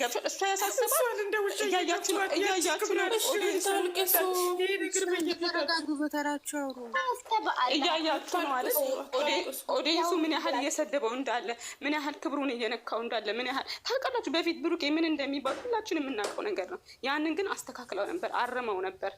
እሱ ምን ያህል እየሰደበው እንዳለ፣ ምን ያህል ክብሩን እየነካው እንዳለ፣ ምን ያህል ታውቃላችሁ። በፊት ብሩኬ ምን እንደሚባል ሁላችን የምናውቀው ነገር ነው። ያንን ግን አስተካክለው ነበር፣ አርመው ነበር፣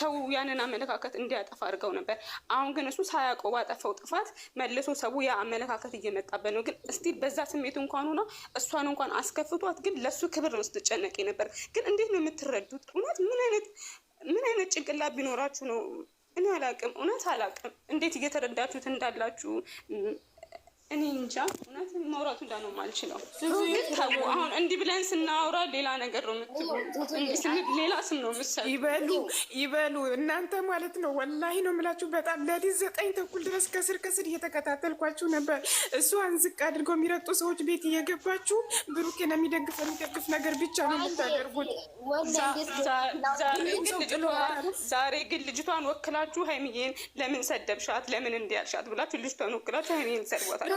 ሰው ያንን አመለካከት እንዲያጠፋ አድርገው ነበር። አሁን ግን እሱ ሳያውቀው ባጠፈው ጥፋት መልሶ ሰው ያ አመለካከት እየመጣበት ነው። ግን እስቲ በዛ ስሜት እንኳን ሆና እሷን እንኳን አስከፍቷት ግን ለሱ ክብር ነው ስትጨነቅ ነበር። ግን እንዴት ነው የምትረዱት? እውነት ምን አይነት ምን አይነት ጭንቅላት ቢኖራችሁ ነው? እኔ አላቅም፣ እውነት አላቅም እንዴት እየተረዳችሁት እንዳላችሁ እኔ እንጃ እውነት ማውራቱ እንዳ ነው የማልችለው። አሁን እንዲህ ብለን ስናወራ ሌላ ነገር ነው የምትሉ፣ ሌላ ስም ነው ምሰ ይበሉ ይበሉ እናንተ ማለት ነው። ወላሂ ነው የምላችሁ። በጣም ለሊት ዘጠኝ ተኩል ድረስ ከስር ከስር እየተከታተልኳችሁ ነበር። እሱ አንዝቅ አድርገው የሚረጡ ሰዎች ቤት እየገባችሁ ብሩኬን የሚደግፍ የሚደግፍ ነገር ብቻ ነው የምታደርጉት። ዛሬ ግን ልጅቷን ወክላችሁ ሀይሚዬን ለምን ሰደብሻት፣ ለምን እንዲያልሻት ብላችሁ ልጅቷን ወክላችሁ ሀይሚዬን ሰድቧታል።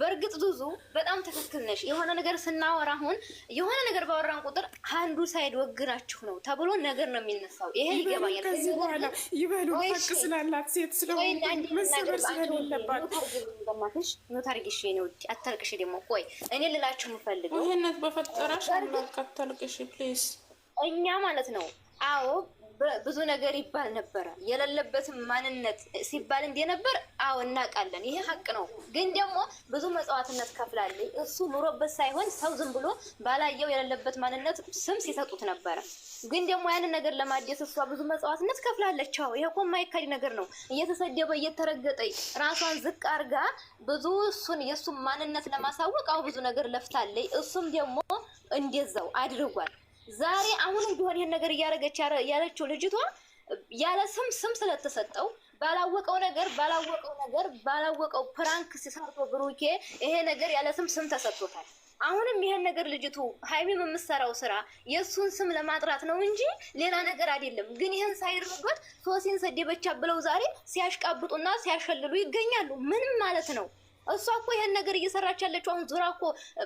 በእርግጥ ዙዙ በጣም ትክክል ነሽ። የሆነ ነገር ስናወራ አሁን የሆነ ነገር ባወራን ቁጥር አንዱ ሳይድ ወግናችሁ ነው ተብሎ ነገር ነው የሚነሳው። ይሄ ይገባኛል። ይበሉ ሀቅ ስላላት ሴት ስለሆነ መሰበር ስለሌለባት ማሽ ታርጊሽ ነው። አታልቅሽ ደግሞ ቆይ እኔ ልላችሁ የምፈልገው ይህነት በፈጠራሽ አታልቅሽ ፕሊስ። እኛ ማለት ነው አዎ ብዙ ነገር ይባል ነበረ። የሌለበትም ማንነት ሲባል እንደ ነበር አዎ እናውቃለን። ይሄ ሀቅ ነው። ግን ደግሞ ብዙ መጽዋትነት ከፍላለች። እሱ ኑሮበት ሳይሆን ሰው ዝም ብሎ ባላየው የሌለበት ማንነት ስም ሲሰጡት ነበረ። ግን ደግሞ ያንን ነገር ለማደስ እሷ ብዙ መጽዋትነት ከፍላለች። አዎ ይሄ እኮ የማይካድ ነገር ነው። እየተሰደበ እየተረገጠች ራሷን ዝቅ አርጋ ብዙ እሱን የእሱን ማንነት ለማሳወቅ አሁ ብዙ ነገር ለፍታለይ እሱም ደግሞ እንደዛው አድርጓል። ዛሬ አሁንም ቢሆን ይህን ነገር እያደረገች ያለችው ልጅቷ ያለ ስም ስም ስለተሰጠው ባላወቀው ነገር ባላወቀው ነገር ባላወቀው ፕራንክ ሲሰርቶ ብሩኬ ይሄ ነገር ያለ ስም ስም ተሰጥቶታል። አሁንም ይሄን ነገር ልጅቱ ሀይሚም የምትሰራው ስራ የእሱን ስም ለማጥራት ነው እንጂ ሌላ ነገር አይደለም። ግን ይህን ሳይረዷት ሶሲን ሰደበቻ ብለው ዛሬ ሲያሽቃብጡና ሲያሸልሉ ይገኛሉ። ምንም ማለት ነው እሷ እኮ ይሄን ነገር እየሰራች ያለችው አሁን ዙራ እኮ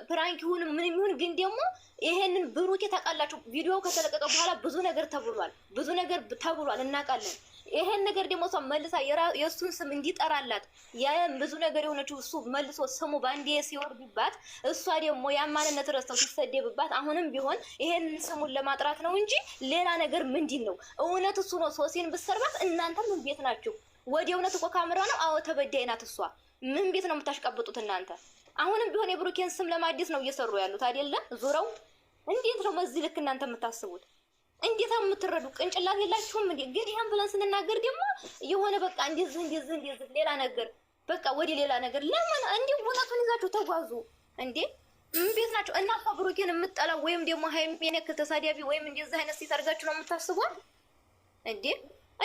ፕራንክ ይሁን ምን ይሁን፣ ግን ደግሞ ይሄንን ብሩኬ ታውቃላችሁ፣ ቪዲዮ ከተለቀቀ በኋላ ብዙ ነገር ተብሏል፣ ብዙ ነገር ተብሏል፣ እናውቃለን። ይሄን ነገር ደግሞ እሷ መልሳ የእሱን ስም እንዲጠራላት ያም ብዙ ነገር የሆነችው እሱ መልሶ ስሙ በአንዴ ሲወርድባት፣ እሷ ደግሞ ያማንነት ረስተው ሲሰደብባት፣ አሁንም ቢሆን ይሄንን ስሙን ለማጥራት ነው እንጂ ሌላ ነገር ምንድን ነው? እውነት እሱ ነው ሶሲን ብሰርባት እናንተም ቤት ናችሁ። ወዲ እውነት እኮ ካምራ ነው። አዎ ተበዳይ ናት እሷ ምን ቤት ነው የምታሽቀብጡት እናንተ? አሁንም ቢሆን የብሩኬን ስም ለማደስ ነው እየሰሩ ያሉት አይደለ? ዙረው እንዴት ነው መዚህ ልክ እናንተ የምታስቡት? እንዴት የምትረዱ ቅንጭላት የላችሁም? እንዴ? ግን ይህን ብለን ስንናገር ደግሞ የሆነ በቃ እንደዚህ እንደዚህ እንደዚህ ሌላ ነገር በቃ ወደ ሌላ ነገር ለምን እንዲህ እውነቱን ይዛችሁ ተጓዙ እንዴ? እንዴት ናቸው እና እኮ ብሩኬን የምጠላው ወይም ደግሞ ሀይሚን ያክል ተሳዳቢ ወይም እንደዚህ አይነት ሴት አድርጋችሁ ነው የምታስቧል እንዴ?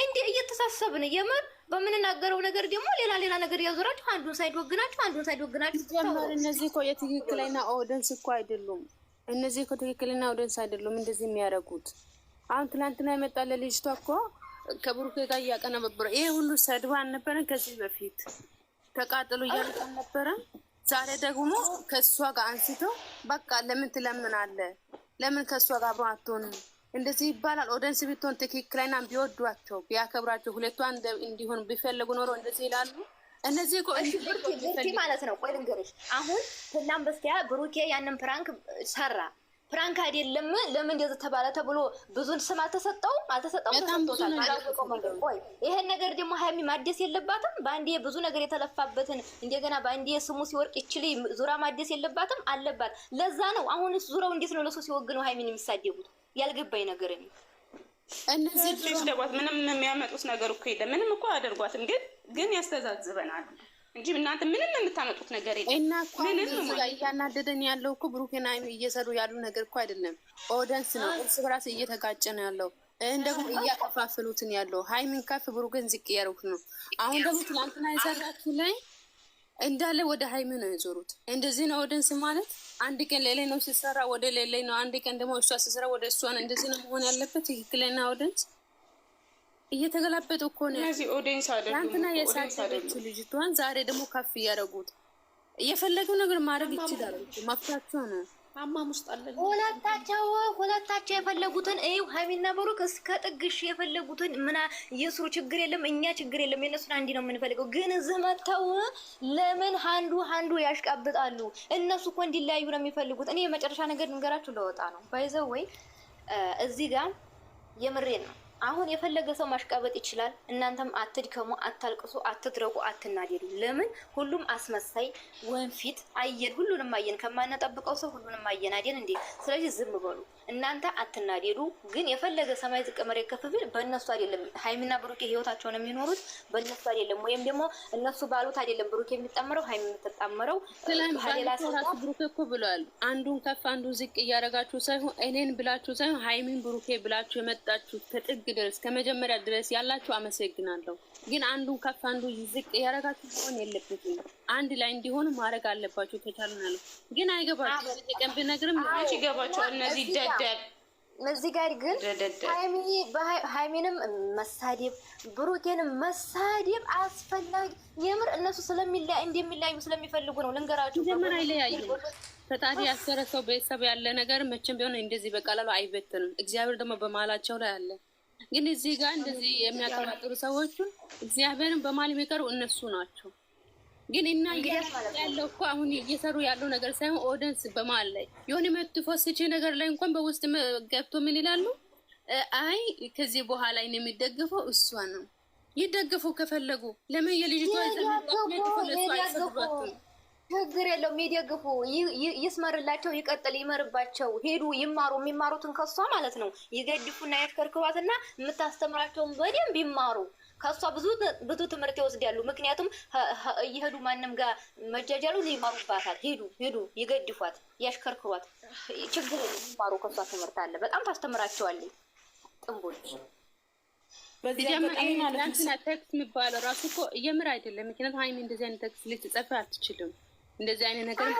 እንዴ እየተሳሰብን የምር በምንናገረው ነገር ደግሞ ሌላ ሌላ ነገር እያዞራችሁ አንዱን ሳይድ ወግናችሁ ጀመር። እነዚህ እኮ የትክክለኛ ኦደንስ እኮ አይደሉም። እነዚህ እኮ ትክክለኛ ኦደንስ አይደሉም እንደዚህ የሚያደርጉት። አሁን ትላንትና የመጣለ ልጅቷ እኮ ከብሩክ ጋር እያቀነባበረ ይሄ ሁሉ ሰድባ አልነበረን ከዚህ በፊት ተቃጥሎ እያልቅ አልነበረን። ዛሬ ደግሞ ከእሷ ጋር አንስቶ በቃ ለምን ትለምናለ? ለምን ከእሷ ጋር አብሮ አትሆንም? እንደዚህ ይባላል። ኦደንስ ብትሆን ትክክለኛ ቢወዷቸው ቢያከብራቸው ሁለቱ አንድ እንዲሆን ቢፈልጉ ኖሮ እንደዚህ ይላሉ። እነዚህ ብርኪ ማለት ነው። ቆይ ልንገርሽ፣ አሁን ትናንት በስቲያ ብሩኬ ያንን ፕራንክ ሰራ። ፕራንክ አይደለም ለምን እንደዚህ ተባለ ተብሎ ብዙን ስም አልተሰጠውም አልተሰጠውም፣ ተሰጥቶታል። ቆይ ይሄን ነገር ደግሞ ሀይሚ ማደስ የለባትም። በአንዴ ብዙ ነገር የተለፋበትን እንደገና በአንዴ ስሙ ሲወርቅ ይችል ዙራ ማደስ የለባትም አለባት። ለዛ ነው አሁን ዙራው እንዴት ነው ለሱ ሲወግነው ሀይሚን የሚሳደቡት? ያልገባኝ ነገር ነው። እነዚህ ምንም የሚያመጡት ነገር እኮ የለም። ምንም እኮ አያደርጓትም፣ ግን ግን ያስተዛዝበናል እንጂ እናንተ ምንም የምታመጡት ነገር የለም። እና እኮ እያናደደን ያለው እኮ ብሩኬና እየሰሩ ያሉ ነገር እኮ አይደለም፣ ኦደንስ ነው። እርስ በራስ እየተጋጨ ነው ያለው። ይህን ደግሞ እያከፋፈሉትን ያለው ሀይሚን ከፍ ብሩኬን ዝቅ እያደረጉት ነው። አሁን ደግሞ ትናንትና የሰራችሁ ላይ እንዳለ ወደ ሀይሚ ነው የዞሩት። እንደዚህ ነው ወደንስ ማለት አንድ ቀን ሌላይ ነው ሲሰራ ወደ ሌላይ ነው፣ አንድ ቀን ደግሞ እሷ ሲሰራ ወደ እሷ ነው። እንደዚህ ነው መሆን ያለበት። ትክክለኛ ወደንስ እየተገላበጡ እኮ ነው። ትናንትና የሳደች ልጅቷን ዛሬ ደግሞ ከፍ እያደረጉት እየፈለገው ነገር ማድረግ ይችላል። መፍታቸው ነው አማም ውስጥ አለ። ሁለታቸው ሁለታቸው የፈለጉትን እዩ። ሀይሚና ብሩክ እስከ ጥግሽ የፈለጉትን ምና የስሩ ችግር የለም፣ እኛ ችግር የለም። የነሱን አንድ ነው የምንፈልገው። ግን እዚህ መጥተው ለምን አንዱ አንዱ ያሽቃብጣሉ? እነሱ እኮ እንዲለያዩ ነው የሚፈልጉት። እኔ የመጨረሻ ነገር ንገራችሁ ለወጣ ነው ባይዘው ወይ እዚህ ጋር የምሬን ነው አሁን የፈለገ ሰው ማሽቃበጥ ይችላል። እናንተም አትድከሙ፣ አታልቅሱ፣ አትድረቁ፣ አትናደዱ። ለምን ሁሉም አስመሳይ ወንፊት አየን፣ ሁሉንም አየን። ከማንጠብቀው ሰው ሁሉንም አየን። አደን እንዴ? ስለዚህ ዝም በሉ። እናንተ አትናደዱ። ግን የፈለገ ሰማይ ዝቅ መሬት ከፍ ቢል በእነሱ አይደለም ሀይሚና ብሩኬ ህይወታቸውን የሚኖሩት በእነሱ አይደለም። ወይም ደግሞ እነሱ ባሉት አይደለም ብሩኬ የሚጣመረው ሀይሚ የምትጣመረው ብሩኬ እኮ ብሏል። አንዱን ከፍ አንዱን ዝቅ እያደረጋችሁ ሳይሆን እኔን ብላችሁ ሳይሆን ሀይሚን ብሩኬ ብላችሁ የመጣችሁ ከጥግ ድረስ ከመጀመሪያ ድረስ ያላችሁ አመሰግናለሁ። ግን አንዱን ከፍ አንዱ ዝቅ እያደረጋችሁ ሆን የለበትም አንድ ላይ እንዲሆን ማድረግ አለባቸው። ከቻልናል ግን አይገባቸው ቀን ብነግርም ይገባቸው። እነዚህ ደደብ እዚህ ጋር ግን ሀይሚንም መሳደብ ብሩኬንም መሳደብ አስፈላጊ የምር እነሱ ስለሚለ እንደሚለያዩ ስለሚፈልጉ ነው። ልንገራቸው ጀምር አይለያዩ ፈጣሪ ያሰረሰው ቤተሰብ ያለ ነገር መቼም ቢሆን እንደዚህ በቀላሉ አይበትንም። እግዚአብሔር ደግሞ በማላቸው ላይ አለ። ግን እዚህ ጋር እንደዚህ የሚያቀባጥሩ ሰዎቹን እግዚአብሔርን በማል የሚቀሩ እነሱ ናቸው። ግን እና ያለው እኮ አሁን እየሰሩ ያለው ነገር ሳይሆን ኦደንስ በማል ላይ የሆነ መትፎስች ነገር ላይ እንኳን በውስጥ ገብቶ ምን ይላሉ? አይ ከዚህ በኋላ ይን የሚደግፈው እሷ ነው። ይደግፉ ከፈለጉ ለምን የልጅቷ ችግር የለውም። ይደግፉ፣ ይስመርላቸው፣ ይቀጥል፣ ይመርባቸው። ሄዱ ይማሩ፣ የሚማሩትን ከሷ ማለት ነው። ይገድፉና ያሽከርክሯትና የምታስተምራቸውን በደንብ ይማሩ። ከእሷ ብዙ ብዙ ትምህርት ይወስዳሉ። ምክንያቱም እየሄዱ ማንም ጋር መጃጃሉ ይማሩባታል። ሄዱ ሄዱ ይገድፏት፣ ያሽከርክሯት፣ ችግር የሚማሩ ከእሷ ትምህርት አለ። በጣም ታስተምራቸዋለች ጥንቦች በዚህና ቴክስት የሚባለው ራሱ እኮ እየምር አይደለም። ምክንያቱም ሀይሚ እንደዚህ አይነት ቴክስት ልትጽፍ አትችልም። እንደዚህ አይነት ነገር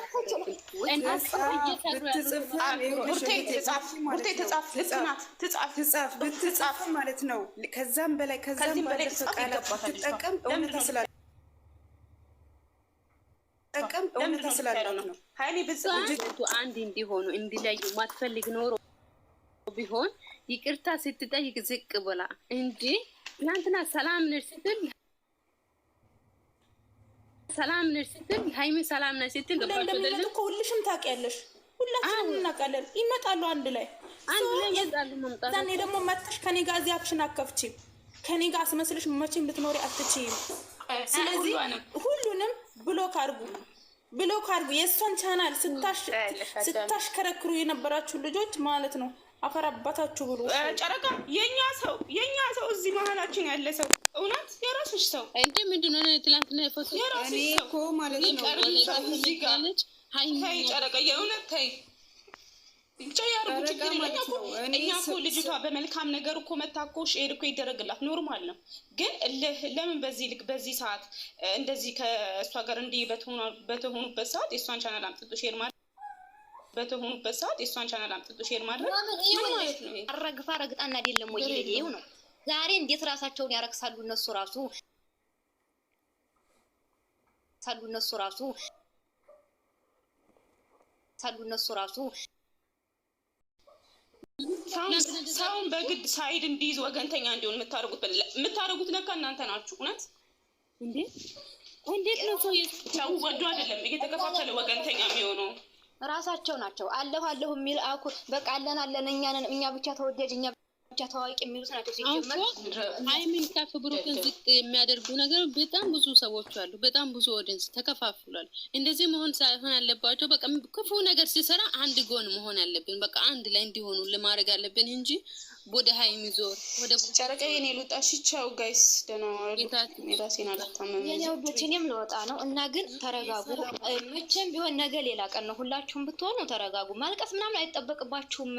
ብትጻፍ ማለት ነው። ከዛም በላይ ከዛም በላይ ትጠቀም እውነት ስላለ ጠቀም እውነት ስላለ ነው። ሀይሌ ብጽቱ አንድ እንዲሆኑ እንዲለዩ ማትፈልግ ኖሮ ቢሆን ይቅርታ ስትጠይቅ ዝቅ ብላ እንጂ ትናንትና ሰላም ነሽ ስትል ሰላም ነሽ ስትል ሀይሚን ሰላም ነሽ ስትል እንደምንለት እኮ ሁልሽም ታውቂያለሽ፣ ሁላችንም እናውቃለን። ይመጣሉ አንድ ላይ አንድ ላይ ይመጣሉ። መምጣት ዛኔ ደግሞ መጥተሽ ከኔ ጋር እዚህ አፍሽን አከፍቺም ከኔ ጋር አስመስልሽ መቼም ልትኖሪ አትችይም። ስለዚህ ሁሉንም ብሎክ አርጉ ብሎክ አርጉ። የእሷን ቻናል ስታሽ ስታሽከረክሩ የነበራችሁ ልጆች ማለት ነው አፈራባታችሁ ብሎ ጨረቃ የኛ ሰው የኛ ሰው እዚህ መሀላችን ያለ ሰው እውነት የራስሽ ሰው እንዴ? ምንድን ነው ትላንትና የፈሱ የራስሽ ሰው ማለት ነው። እዚህ ጋር ጨረቃ፣ የእውነት ተይ እኛ እኮ ልጅቷ በመልካም ነገር እኮ መታኮ እኮ እኮ ይደረግላት ኖርማል ነው። ግን ለምን በዚህ ልክ በዚህ ሰዓት እንደዚህ ከእሷ ጋር እንዲህ በተሆኑበት ሰዓት የእሷን ቻናል አምጥቶ ሼር በተሆኑበት ሰዓት የእሷን ቻናል አምጥቶ ሼር ማድረግ ማለት አረግፋ ረግጣና አይደለም ወይ ይሄው ነው። ዛሬ እንዴት ራሳቸውን ያረክሳሉ እነሱ ራሱ ሳሉ እነሱ ራሱ ሳሉ እነሱ ራሱ ሰውን በግድ ሳይድ እንዲይዝ ወገንተኛ እንዲሆን የምታደርጉት የምታደርጉት ነካ እናንተ ናችሁ። እውነት እንዴት ነው ሰው ወዶ አይደለም እየተከፋፈለ ወገንተኛ የሚሆነው? ራሳቸው ናቸው። አለሁ አለሁ የሚል አኩ በቃ አለን አለን እኛንን እኛ ብቻ ተወዳጅ እኛ ብቻ ታዋቂ የሚሉት ናቸው። ሲጀመር ሀይሚን ከፍ ብሩክን ዝቅ የሚያደርጉ ነገር በጣም ብዙ ሰዎች አሉ። በጣም ብዙ ኦዲንስ ተከፋፍሏል። እንደዚህ መሆን ሳይሆን ያለባቸው በቃ ክፉ ነገር ሲሰራ አንድ ጎን መሆን አለብን። በቃ አንድ ላይ እንዲሆኑ ለማድረግ አለብን እንጂ ወደ ሀይሚ ዞር ወደ ጨረቀ የኔ ልውጣ። እሺ ቻው ጋይስ፣ ደህና ራሴን አላታመም። የኔ ልወጣ ነው እና ግን ተረጋጉ። መቼም ቢሆን ነገ ሌላ ቀን ነው። ሁላችሁም ብትሆኑ ተረጋጉ። ማልቀስ ምናምን አይጠበቅባችሁም።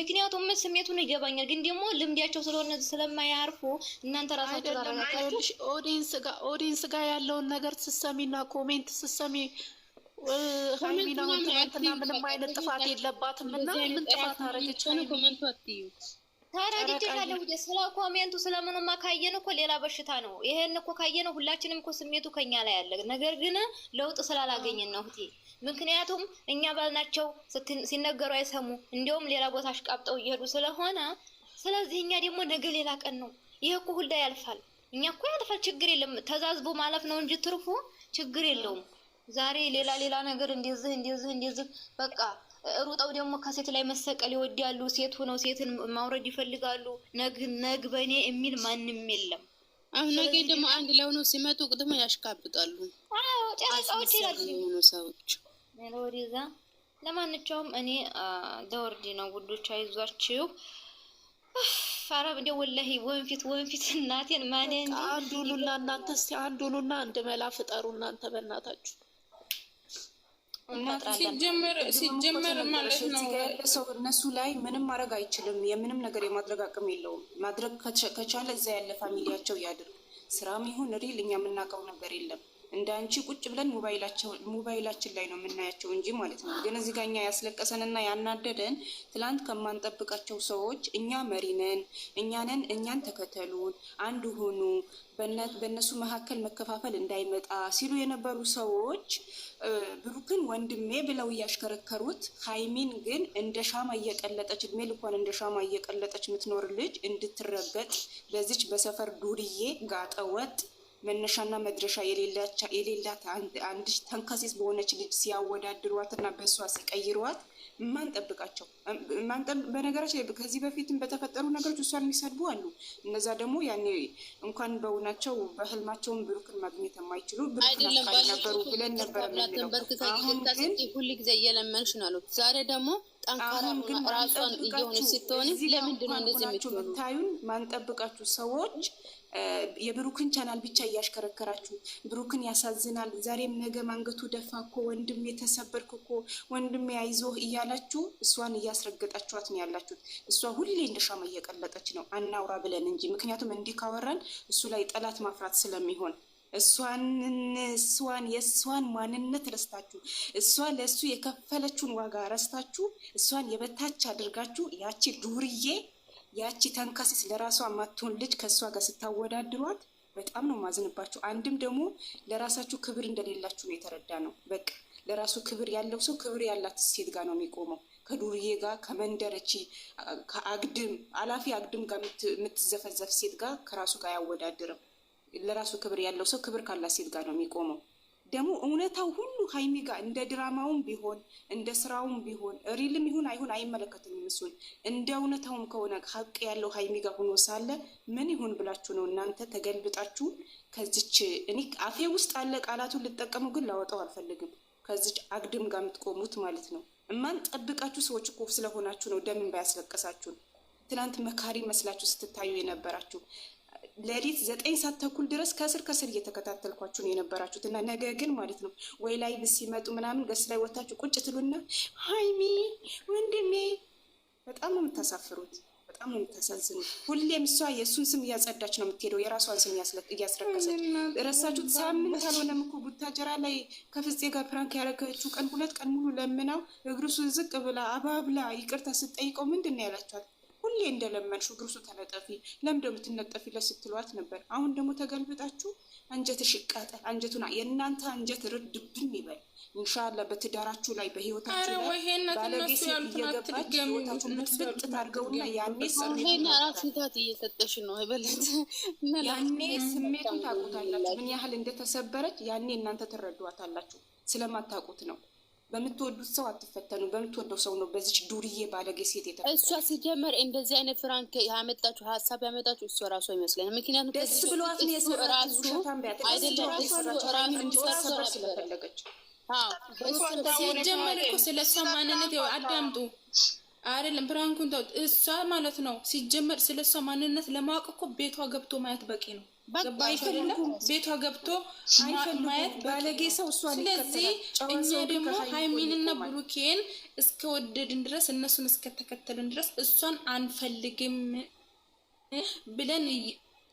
ምክንያቱም ስሜቱን ይገባኛል፣ ግን ደግሞ ልምዳቸው ስለሆነ ስለማያርፉ እናንተ ራሳቸው ታረጋጋችሁ። ኦዲንስ ጋር ያለውን ነገር እና ኮሜንት ስሰሚ ሀይሚናሁን ትናንትና ምንም አይነት ጥፋት የለባትም እና ምን ጥፋት አረገች? ታረድቻለሁ እ ስለ ኮሜንቱ ስለምኑማ ካየን እኮ ሌላ በሽታ ነው። ይሄን እኮ ካየን ሁላችንም እኮ ስሜቱ ከኛ ላይ አለ። ነገር ግን ለውጥ ስላላገኘን ነው እህቴ። ምክንያቱም እኛ ባልናቸው ሲነገሩ አይሰሙ፣ እንዲሁም ሌላ ቦታ አሽቃብጠው እየሄዱ ስለሆነ ስለዚህ እኛ ደግሞ ነገ ሌላ ቀን ነው። ይሄ እኮ ሁላ ያልፋል። እኛ እኮ ያልፋል፣ ችግር የለም። ተዛዝቦ ማለፍ ነው እንጂ ትርፉ ችግር የለውም። ዛሬ ሌላ ሌላ ነገር እንደዚህ እንደዚህ እንደዚህ በቃ ሩጠው ደግሞ ከሴት ላይ መሰቀል ይወዳሉ። ሴት ሆነው ሴትን ማውረድ ይፈልጋሉ። ነግ ነግ በእኔ የሚል ማንም የለም። አሁን ነገ ደግሞ አንድ ለሆነ ሲመጡ ደግሞ ያሽካብጣሉ። ጨረቃዎች ይላሉ ሰዎች ወደዛ። ለማንኛውም እኔ ደወርዲ ነው ጉዶች፣ አይዟችሁ ፈረብ እንደ ወላሂ ወንፊት ወንፊት እናቴን ማንን አንድ ሁኑና እናንተ እስኪ አንድ ሁኑና አንድ መላ ፍጠሩ እናንተ በእናታችሁ ሲጀመር ማለት ነው እነሱ ላይ ምንም ማድረግ አይችልም። የምንም ነገር የማድረግ አቅም የለውም። ማድረግ ከቻለ እዛ ያለ ፋሚሊያቸው ያድርግ። ስራም ይሁን ሪል እኛ የምናውቀው ነገር የለም። እንደ አንቺ ቁጭ ብለን ሞባይላችን ላይ ነው የምናያቸው እንጂ ማለት ነው። ግን እዚህ ጋር እኛ ያስለቀሰንና ያናደደን ትላንት ከማንጠብቃቸው ሰዎች እኛ መሪ ነን፣ እኛን ተከተሉን፣ አንድ ሆኑ በእነሱ መካከል መከፋፈል እንዳይመጣ ሲሉ የነበሩ ሰዎች ብሩክን ወንድሜ ብለው እያሽከረከሩት፣ ሀይሚን ግን እንደ ሻማ እየቀለጠች እድሜ ልኳን እንደ ሻማ እየቀለጠች የምትኖር ልጅ እንድትረገጥ በዚች በሰፈር ዱርዬ ጋጠወጥ መነሻና መድረሻ የሌላት አንድ ተንከሴስ በሆነች ልጅ ሲያወዳድሯትና በእሷ ሲቀይሯት ማንጠብቃቸው በነገራችን ላይ ከዚህ በፊትም በተፈጠሩ ነገሮች እሷን የሚሰድቡ አሉ። እነዛ ደግሞ ያኔ እንኳን በውናቸው በህልማቸውን ብሩክን ማግኘት የማይችሉ ብሩክን ነበሩ ብለን ነበር ምንለው። አሁን ጊዜ እየለመንሽ ነው አሉት። ዛሬ ደግሞ አሁን ግን ለምንድነው እንደዚህ ጋር ብታዩን ማንጠብቃችሁ ሰዎች የብሩክን ቻናል ብቻ እያሽከረከራችሁ ብሩክን ያሳዝናል። ዛሬም ነገ አንገቱ ደፋ እኮ ወንድም የተሰበርክ እኮ ወንድም ያይዞ እያላችሁ እሷን እያስረገጣችኋት ነው ያላችሁት። እሷ ሁሌ እንደ ሻማ እየቀለጠች ነው። አናውራ ብለን እንጂ ምክንያቱም እንዲህ ካወራን እሱ ላይ ጠላት ማፍራት ስለሚሆን እሷን እሷን የእሷን ማንነት ረስታችሁ እሷ ለእሱ የከፈለችውን ዋጋ ረስታችሁ እሷን የበታች አድርጋችሁ ያቺ ዱርዬ ያቺ ተንከስስ ለራሷ ማትሆን ልጅ ከእሷ ጋር ስታወዳድሯት በጣም ነው ማዝንባችሁ። አንድም ደግሞ ለራሳችሁ ክብር እንደሌላችሁ ነው የተረዳ ነው። በቃ ለራሱ ክብር ያለው ሰው ክብር ያላት ሴት ጋር ነው የሚቆመው። ከዱርዬ ጋር ከመንደረቺ ከአግድም አላፊ አግድም ጋር የምትዘፈዘፍ ሴት ጋር ከራሱ ጋር አያወዳድርም። ለራሱ ክብር ያለው ሰው ክብር ካላት ሴት ጋር ነው የሚቆመው። ደግሞ እውነታው ሁሉ ሀይሚ ጋር እንደ ድራማውም ቢሆን እንደ ስራውም ቢሆን ሪልም ይሁን አይሁን አይመለከትም እሱን እንደ እውነታውም ከሆነ ሀቅ ያለው ሀይሚ ጋር ሆኖ ሳለ ምን ይሁን ብላችሁ ነው እናንተ ተገልብጣችሁ ከዚች እኔ አፌ ውስጥ አለ ቃላቱን ልጠቀሙ ግን ላወጣው አልፈልግም። ከዚች አግድም ጋር የምትቆሙት ማለት ነው። እማን ጠብቃችሁ ሰዎች እኮ ስለሆናችሁ ነው ደምን ባያስለቀሳችሁ? ትናንት መካሪ መስላችሁ ስትታዩ የነበራችሁ ሌሊት ዘጠኝ ሰዓት ተኩል ድረስ ከስር ከስር እየተከታተልኳችሁ ነው የነበራችሁት እና ነገ ግን ማለት ነው ወይ ላይ ሲመጡ ምናምን ገስ ላይ ወታችሁ ቁጭ ትሉና ሀይሚ ወንድሜ፣ በጣም ነው የምታሳፍሩት፣ በጣም ነው የምታሳዝኑት። ሁሌም እሷ የእሱን ስም እያጸዳች ነው የምትሄደው፣ የራሷን ስም እያስረከሰች። ረሳችሁት? ሳምንት አልሆነም እኮ ቡታጀራ ላይ ከፍፄ ጋር ፕራንክ ያደረገችው ቀን ሁለት ቀን ሙሉ ለምናው እግሩ ዝቅ ብላ አባብላ ይቅርታ ስትጠይቀው ምንድን ነው ያላችኋል? ሁሌ እንደለመንሹ ግብሱ ተነጠፊ ለምደ የምትነጠፊ ለስትሏት ነበር። አሁን ደግሞ ተገልብጣችሁ አንጀትሽ ይቃጠል። አንጀቱና የእናንተ አንጀት ርድብን ይበል። እንሻላ በትዳራችሁ ላይ በህይወታችሁ ባለቤት እየገባች ህይወታችሁ ምትፍጥ ታድርገውና ያኔ ስሜት እየሰጠሽ ነው ይበለት። ያኔ ስሜቱን ታውቁታላችሁ፣ ምን ያህል እንደተሰበረች ያኔ እናንተ ትረዷታላችሁ። ስለማታውቁት ነው በምትወዱት ሰው አትፈተኑ፣ በምትወደው ሰው ነው። በዚች ዱርዬ ባለጌ ሴት የተ እሷ ሲጀመር እንደዚህ አይነት ፍራንክ ያመጣችሁ ሀሳብ ያመጣችሁ እሷ ራሱ ይመስለኝ። ምክንያቱም ደስ ብሏት ነው የሰራራሱ እንዲሰራ ስለፈለገች ሲጀመር እኮ ስለ እሷ ማንነት አዳምጡ አይደለም ፕራንኩን እሷ ማለት ነው። ሲጀመር ስለ እሷ ማንነት ለማወቅ እኮ ቤቷ ገብቶ ማየት በቂ ነው። ቤቷ ገብቶ ማየት ባለጌ ሰው እሷ። ስለዚህ እኛ ደግሞ ሀይሚንና ብሩኬን እስከወደድን ድረስ እነሱን እስከተከተልን ድረስ እሷን አንፈልግም ብለን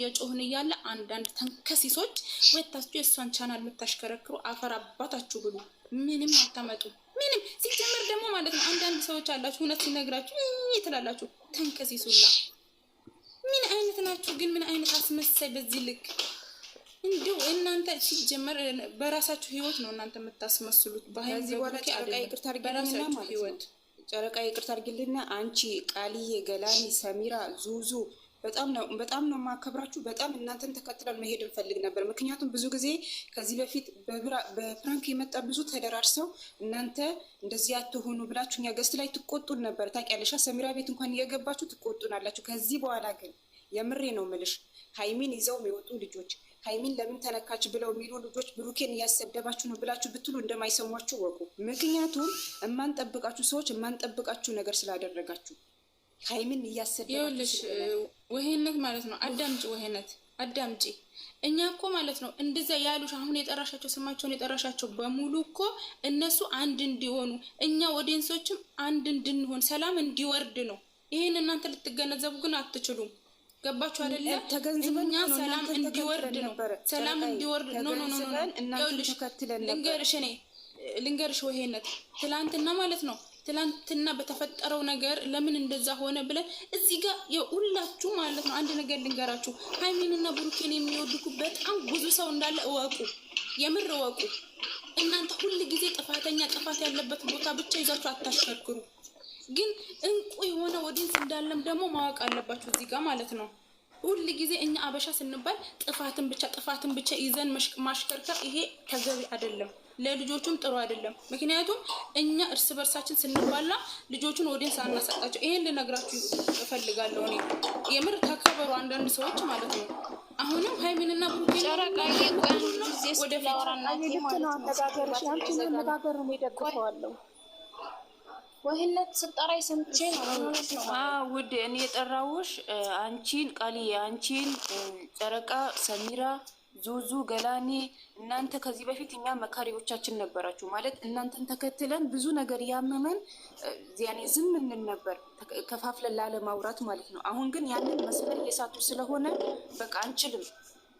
የጮህን እያለ አንዳንድ ተንከሲሶች ወታችሁ የእሷን ቻናል የምታሽከረክሩ አፈር አባታችሁ ብሉ። ምንም አታመጡ። ምንም ሲጀመር ደግሞ ማለት ነው አንዳንድ ሰዎች አላችሁ፣ እውነት ሲነግራችሁ ትላላችሁ ተንከሲሱላ ምን አይነት ናችሁ ግን? ምን አይነት አስመሳይ! በዚህ ልክ እንዲሁ እናንተ ሲጀመር በራሳችሁ ህይወት ነው እናንተ የምታስመስሉት። በዚህ በኋላ ጨረቃ ይቅርታ አድርጊልና አንቺ ቃልዬ፣ ገላኔ፣ ሰሚራ፣ ዙዙ በጣም ነው በጣም ነው የማከብራችሁ። በጣም እናንተን ተከትለን መሄድ እንፈልግ ነበር። ምክንያቱም ብዙ ጊዜ ከዚህ በፊት በፍራንክ የመጣ ብዙ ተደራርሰው እናንተ እንደዚህ አትሆኑ ብላችሁ እኛ ገስት ላይ ትቆጡን ነበር። ታውቂያለሽ፣ ሰሚራ ቤት እንኳን እየገባችሁ ትቆጡናላችሁ። ከዚህ በኋላ ግን የምሬ ነው ምልሽ ሀይሚን ይዘው የሚወጡ ልጆች ሀይሚን ለምን ተነካች ብለው የሚሉ ልጆች ብሩኬን እያሰደባችሁ ነው ብላችሁ ብትሉ እንደማይሰሟችሁ ወቁ። ምክንያቱም የማንጠብቃችሁ ሰዎች የማንጠብቃችሁ ነገር ስላደረጋችሁ እያሰደ እያሰደልሽ ውሄነት ማለት ነው። አዳምጪ፣ ውሄነት አዳምጪ። እኛ እኮ ማለት ነው እንደዚያ ያሉሽ አሁን የጠራሻቸው ስማቸውን የጠራሻቸው በሙሉ እኮ እነሱ አንድ እንዲሆኑ እኛ ወደንሶችም አንድ እንድንሆን ሰላም እንዲወርድ ነው። ይህን እናንተ ልትገነዘቡ ግን አትችሉም። ገባችሁ አይደለ? ተገንዝበኛ ሰላም እንዲወርድ ነው። ሰላም እንዲወርድ ነው። ኖ ኖ ኖ ልንገርሽ፣ እኔ ልንገርሽ፣ ወሄነት ትላንትና ማለት ነው ትላንትና በተፈጠረው ነገር ለምን እንደዛ ሆነ ብለ እዚህ ጋር የሁላችሁ ማለት ነው። አንድ ነገር ልንገራችሁ፣ ሀይሚንና ብሩኬን የሚወድኩ በጣም ብዙ ሰው እንዳለ እወቁ፣ የምር እወቁ። እናንተ ሁል ጊዜ ጥፋተኛ ጥፋት ያለበት ቦታ ብቻ ይዛችሁ አታሽከርክሩ። ግን እንቁ የሆነ ወዲንስ እንዳለም ደግሞ ማወቅ አለባችሁ እዚህ ጋር ማለት ነው። ሁል ጊዜ እኛ አበሻ ስንባል ጥፋትን ብቻ ጥፋትን ብቻ ይዘን ማሽከርከር ይሄ ተገቢ አይደለም። ለልጆቹም ጥሩ አይደለም። ምክንያቱም እኛ እርስ በርሳችን ስንባላ ልጆቹን ወደንስ አናሳጣቸው። ይሄን ልነግራችሁ እፈልጋለሁ። እኔ የምር ተከበሩ፣ አንዳንድ ሰዎች ማለት ነው። አሁንም ሀይሚንና ብሩኬን ወህነት ስጠራይ ሰምቼ ውድ እኔ የጠራውሽ አንቺን ቃልዬ አንቺን ጨረቃ ሰሚራ ዞዞ ገላኔ እናንተ ከዚህ በፊት እኛ መካሪዎቻችን ነበራችሁ። ማለት እናንተን ተከትለን ብዙ ነገር ያመመን ያኔ ዝም እንል ነበር፣ ከፋፍለን ላለማውራት ማለት ነው። አሁን ግን ያንን መስመር እየሳቱ ስለሆነ በቃ አንችልም።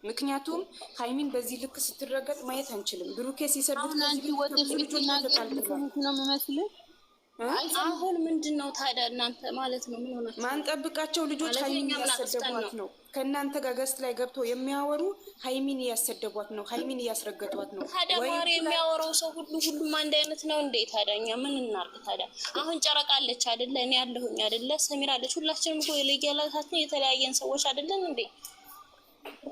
ምክንያቱም ሀይሚን በዚህ ልክ ስትረገጥ ማየት አንችልም። ብሩኬ ሲሰሩት ነው የሚመስልህ አሁን ምንድን ነው ታዲያ እናንተ ማለት ነው ምን ሆናችሁ? ማንጠብቃቸው ልጆች ሀይሚን እያሰደቧት ነው። ከእናንተ ጋር ገስት ላይ ገብተው የሚያወሩ ሀይሚን እያሰደቧት ነው። ሀይሚን እያስረገጧት ነው። ታዲያ ማሪ የሚያወራው ሰው ሁሉ ሁሉም አንድ አይነት ነው እንዴ? ታዲያ እኛ ምን እናርግ? ታዲያ አሁን ጨረቃለች አደለ? እኔ ያለሁኝ አደለ? ሰሚር አለች። ሁላችንም እኮ የለየላታችን የተለያየን ሰዎች አደለን እንዴ?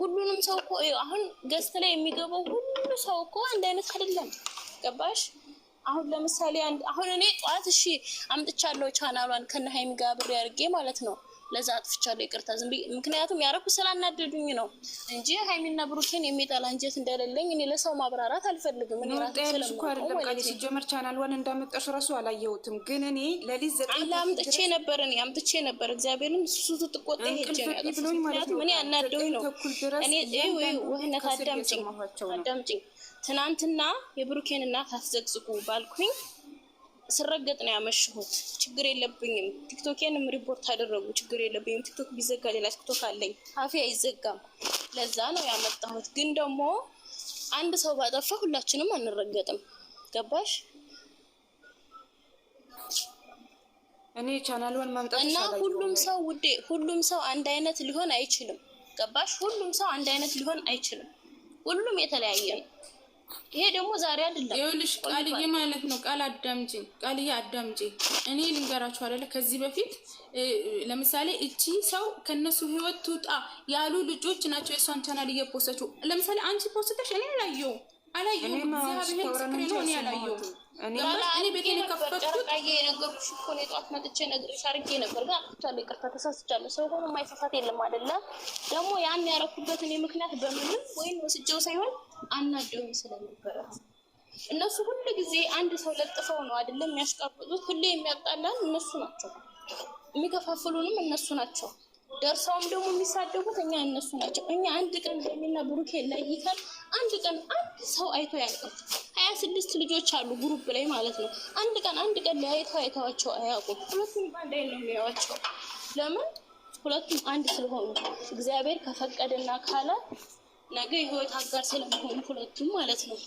ሁሉንም ሰው እኮ አሁን ገስት ላይ የሚገባው ሁሉ ሰው እኮ አንድ አይነት አደለም። ገባሽ? አሁን ለምሳሌ አንድ አሁን እኔ ጠዋት እሺ አምጥቻለሁ ቻናሏን ከነ ሀይሚ ጋር ብሬ አድርጌ ማለት ነው። ለዛ አጥፍቻለሁ፣ ይቅርታ ዝም ብዬ ምክንያቱም ያረኩ ስላናደዱኝ ነው እንጂ ሀይሚና ብሩኬን የሚጠላ እንጀት እንደሌለኝ እኔ ለሰው ማብራራት አልፈልግም። እኔ ሲጀመር ቻናልዋን እንዳመጣሽ ራሱ አላየሁትም፣ ግን እኔ ለሊት ዘጠኝ አምጥቼ ነበር እኔ አምጥቼ ነበር። እግዚአብሔርም እሱ ትቆጣ ሄጀ ምክንያቱም እኔ አናደውኝ ነው እኔ ወህነት አዳምጭኝ አዳምጭኝ ትናንትና የብሩኬን እናት ባልኩኝ ስረገጥ ነው ያመሽሁት። ችግር የለብኝም። ቲክቶኬንም ሪፖርት አደረጉ። ችግር የለብኝም። ቲክቶክ ቢዘጋ ሌላ ቲክቶክ አለኝ። አፌ አይዘጋም። ለዛ ነው ያመጣሁት። ግን ደግሞ አንድ ሰው ባጠፋ ሁላችንም አንረገጥም። ገባሽ? እኔ ቻናልን ማምጣት እና ሁሉም ሰው ውዴ፣ ሁሉም ሰው አንድ አይነት ሊሆን አይችልም። ገባሽ? ሁሉም ሰው አንድ አይነት ሊሆን አይችልም። ሁሉም የተለያየ ነው። ይሄ ደግሞ ዛሬ አይደለም። ይኸውልሽ ቃልዬ ማለት ነው። ቃል አዳምጪ፣ ቃልዬ አዳምጪ። እኔ ልንገራችሁ አይደለ ከዚህ በፊት ለምሳሌ እቺ ሰው ከነሱ ህይወት ትውጣ ያሉ ልጆች ናቸው የእሷን ቻናል እየፖሰችው። ለምሳሌ አንቺ ፖስተሽ እኔ አላየው አላየው እግዚአብሔር ምስክሬ ነው። እኔ አላየው እኔ ቤቴን የከፈትኩት የነገርኩሽ እኮ ነው። የጠዋት መጥቼ ነግሬሽ አድርጌ ነበር፣ ግን አጥፍቻለሁ። ይቅርታ ተሳስቻለሁ። ሰው ሆኖ የማይሳሳት የለም አይደለ። ደግሞ ያን ያረኩበት እኔ ምክንያት በምንም ወይም ወስጄው ሳይሆን አናደውም ስለነበረ እነሱ ሁሉ ጊዜ አንድ ሰው ለጥፈው ነው አይደለም የሚያሽቃብጡት። ሁሌ የሚያጣላን እነሱ ናቸው፣ የሚከፋፍሉንም እነሱ ናቸው። ደርሰውም ደግሞ የሚሳደቡት እኛ እነሱ ናቸው። እኛ አንድ ቀን ደሚና ብሩኬ ላይ አንድ ቀን አንድ ሰው አይቶ ያውቅም። ሀያ ስድስት ልጆች አሉ ግሩፕ ላይ ማለት ነው። አንድ ቀን አንድ ቀን ለያይተው አይተዋቸው አያውቁም። ሁለቱም አንድ አይነት ነው የሚያዋቸው። ለምን? ሁለቱም አንድ ስለሆኑ እግዚአብሔር ከፈቀደና ካላት ነገ የህይወት አጋር ስለመሆኑ ሁለቱም ማለት ነው።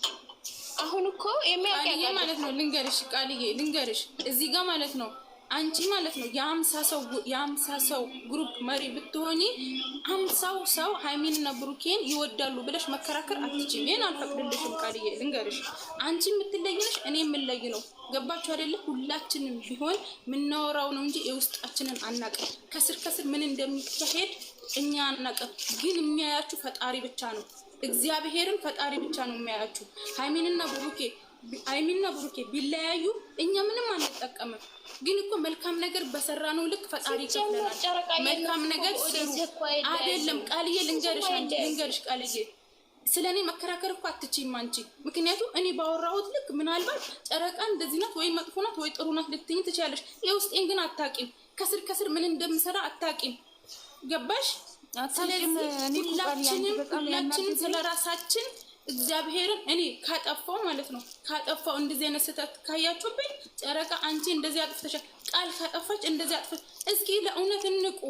አሁን እኮ የሚያውቅ ማለት ነው። ልንገርሽ ቃልዬ ልንገርሽ፣ እዚህ ጋር ማለት ነው አንቺ ማለት ነው የአምሳ ሰው የአምሳ ሰው ግሩፕ መሪ ብትሆኒ አምሳው ሰው ሀይሚንና ብሩኬን ይወዳሉ ብለሽ መከራከር አትችም። ይህን አልፈቅድልሽም ቃልዬ ልንገርሽ። አንቺ የምትለይነሽ እኔ የምለይ ነው። ገባችሁ አይደለ? ሁላችንም ቢሆን የምናወራው ነው እንጂ የውስጣችንን አናውቅም። ከስር ከስር ምን እንደሚካሄድ እኛ አናውቅም፣ ግን የሚያያችሁ ፈጣሪ ብቻ ነው። እግዚአብሔርን ፈጣሪ ብቻ ነው የሚያያችሁ። ሃይሚንና ብሩኬ ሀይሚንና ብሩኬ ቢለያዩ እኛ ምንም አንጠቀምም፣ ግን እኮ መልካም ነገር በሰራ ነው ልክ ፈጣሪ ይከፍለናል። መልካም ነገር ስሩ። አይደለም ቃልዬ፣ ልንገርሽ አንቺ ልንገርሽ ቃልዬ ስለ እኔ መከራከር እኮ አትችይም አንቺ። ምክንያቱም እኔ ባወራሁት ልክ ምናልባት ጨረቃ እንደዚህ ናት ወይ መጥፎ ናት ወይ ጥሩ ናት ልትይኝ ትችላለሽ። የውስጤን ግን አታቂም። ከስር ከስር ምን እንደምሰራ አታቂም። ገባሽ? ስለዚህ ሁላችንም ሁላችንም ስለ ራሳችን እግዚአብሔርን እኔ ካጠፋው ማለት ነው ካጠፋው እንደዚህ አይነት ስህተት ካያችሁብኝ፣ ጨረቃ አንቺ እንደዚህ አጥፍተሻል፣ ቃል ካጠፋች እንደዚህ አጥፍተሽ፣ እስኪ ለእውነት እንቁ።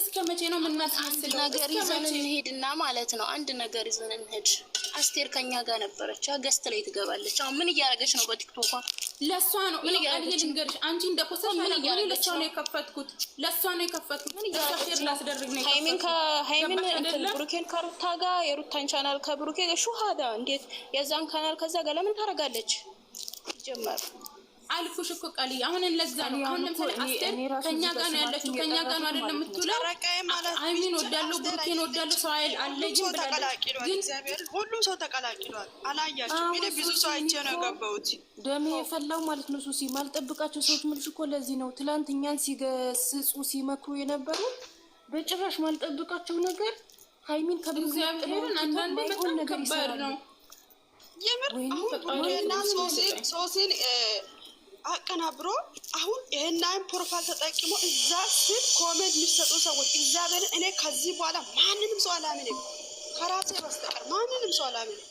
እስከ መቼ ነው የምናስመስለው? ነገር ይዘን እንሄድና ማለት ነው አንድ ነገር ይዘን እንሄድ። አስቴር ከኛ ጋር ነበረች፣ ገስት ላይ ትገባለች። አሁን ምን እያደረገች ነው በቲክቶኳ ለእሷ ነው ቃልዬ ልንገርሽ፣ አንቺ እንደ ኮሰሽ ለእሷ ነው የከፈትኩት፣ ለእሷ ነው የከፈትኩት። ሼር ላስደርግ ነው ሃይሚን ብሩኬን ከሩታ ጋር የሩታን ቻናል ከብሩኬ ሹሃዳ እንዴት የዛን ካናል ከዛ ጋር ለምን ታደርጋለች ጀመር አልኩሽ እኮ ቃልዬ፣ አሁን ለዛ ነው አሁን ለምሳሌ አስቴር ከኛ ጋር ነው ያለችው፣ ከኛ ጋር ነው አይደለም የምትውለው። አይሚን ወዳለሁ፣ ብሩኬን ወዳለሁ፣ ሰው አይል አለይም ብላለች። ግን ሁሉም ሰው ተቀላቅሏል። አላያችሁም? እኔ ብዙ ሰው አይቼ ነው የገባሁት። ደሜ የፈላው ማለት ነው። ሱሲ ማልጠብቃቸው ሰዎች ምልሽ እኮ ለዚህ ነው ትላንት እኛን ሲገስጹ ሲመክሩ የነበሩ በጭራሽ ማልጠብቃቸው ነገር ሀይሚን ከብሩኬን አንዳንዴ በጣም ከባድ ነው የምር አሁን ሶሲን አቀናብሮ አሁን ይህናይን ፕሮፋይል ተጠቅሞ እዛ ስል ኮሜንት የሚሰጡ ሰዎች እግዚአብሔር እኔ ከዚህ በኋላ ማንንም ሰው አላምንም፣ ከራሴ በስተቀር ማንንም ሰው አላምንም።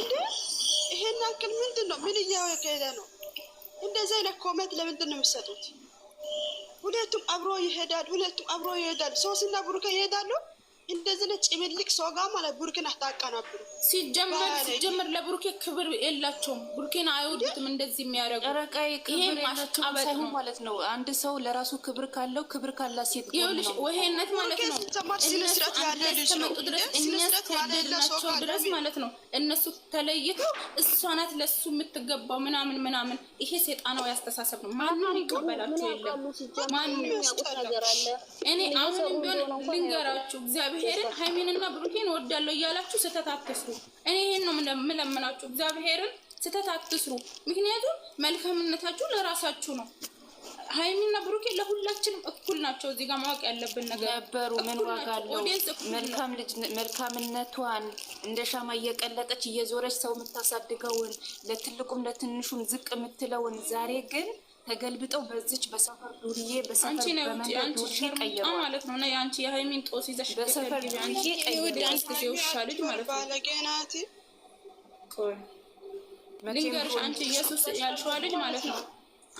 እንደ ይሄን ያክል ምንድን ነው? ምን እያካሄደ ነው? እንደዚህ አይነት ኮሜንት ለምንድን ነው የሚሰጡት? ሁለቱም አብሮ ይሄዳል። ሁለቱም አብሮ ይሄዳል። ሶስና ቡርከ ይሄዳሉ። እንደዚህ ጭምልቅ ሰው ጋር ማለት ቡርክን አታቀናብሩ ሲጀመር ሲጀመር ለብሩኬ ክብር የላቸውም። ብሩኬን አይወዱትም እንደዚህ የሚያደርጉ ይሄም አሽቃበጥ ማለት ነው። አንድ ሰው ለራሱ ክብር ካለው ክብር ካላት ሴት ይኸውልሽ፣ ወሄነት ማለት ነው። እስከመጡ ድረስ እኛ ድረስ ማለት ነው። እነሱ ተለይቶ እሷ ናት ለሱ የምትገባው ምናምን ምናምን። ይሄ ሴጣናዊ አስተሳሰብ ነው። ማንም ይቀበላቸው የለም። ማንም እኔ አሁንም ቢሆን ልንገራችሁ፣ እግዚአብሔርን ሀይሚንና ብሩኬን ወዳለው እያላችሁ ስህተት አትስሩ። አትስሩ። እኔ ይሄን ነው የምለምናችሁ፣ እግዚአብሔርን ስህተት አትስሩ። ምክንያቱም መልካምነታችሁ ለራሳችሁ ነው። ሀይሚና ብሩኬ ለሁላችንም እኩል ናቸው። እዚህ ጋር ማወቅ ያለብን ነገር ነበሩ። ምን ዋጋ አለው? መልካም ልጅ መልካምነቷን እንደ ሻማ እየቀለጠች እየዞረች ሰው የምታሳድገውን ለትልቁም ለትንሹም ዝቅ የምትለውን ዛሬ ግን ተገልብጠው በዚች በሰፈር ዱርዬ በሰፈር ነው። እና የአንቺ የሀይሚን ጦስ ይዘሽ በሰፈር ዱርዬ ቀይረዋል ማለት ነው። ልንገርሽ አንቺ ኢየሱስ ያልሽዋ ልጅ ማለት ነው።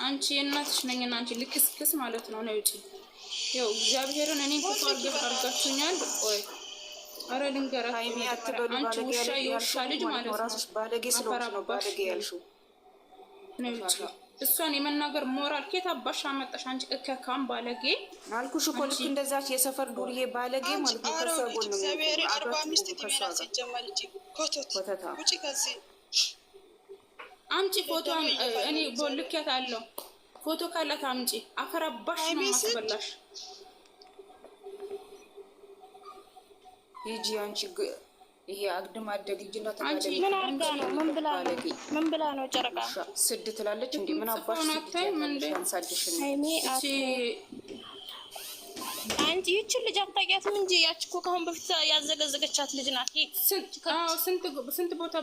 አንቺ የእናትሽ ነኝና አንቺ ልክስክስ ማለት ነው። ነው ውጪ። ያው እግዚአብሔርን እኔን ክፉ አድርገሽ አድርጋችሁኛል። ቆይ አረ ልንገራት አንቺ ውሻ የውሻ ልጅ ማለት ነው። ባለጌ ስለሆነ ነው ባለጌ ያልሽው። ነው ውጪ እሷን የመናገር ሞራል ኬት አባሽ አመጣሽ? አንቺ እከካም ባለጌ አልኩሽ እኮ ልክ እንደዛች የሰፈር ዱርዬ ባለጌ ማለት ነው። አምጪ ፎቶ እኔ ቦልኬት አለው ፎቶ ካላት አምጪ። አፈር አባሽ ነው ማስበላሽ። ይጂ አንቺ ይሄ አግድም አደግ ልጅነት ምን ብላ ነው ጨረቃ ስድ ትላለች እንዴ? ምን አባሽ አንቺ ይችን ልጅ አታውቂያትም እንጂ ያች እኮ ከአሁን በፊት ያዘገዘገቻት ልጅ ናት። ስንት ቦታ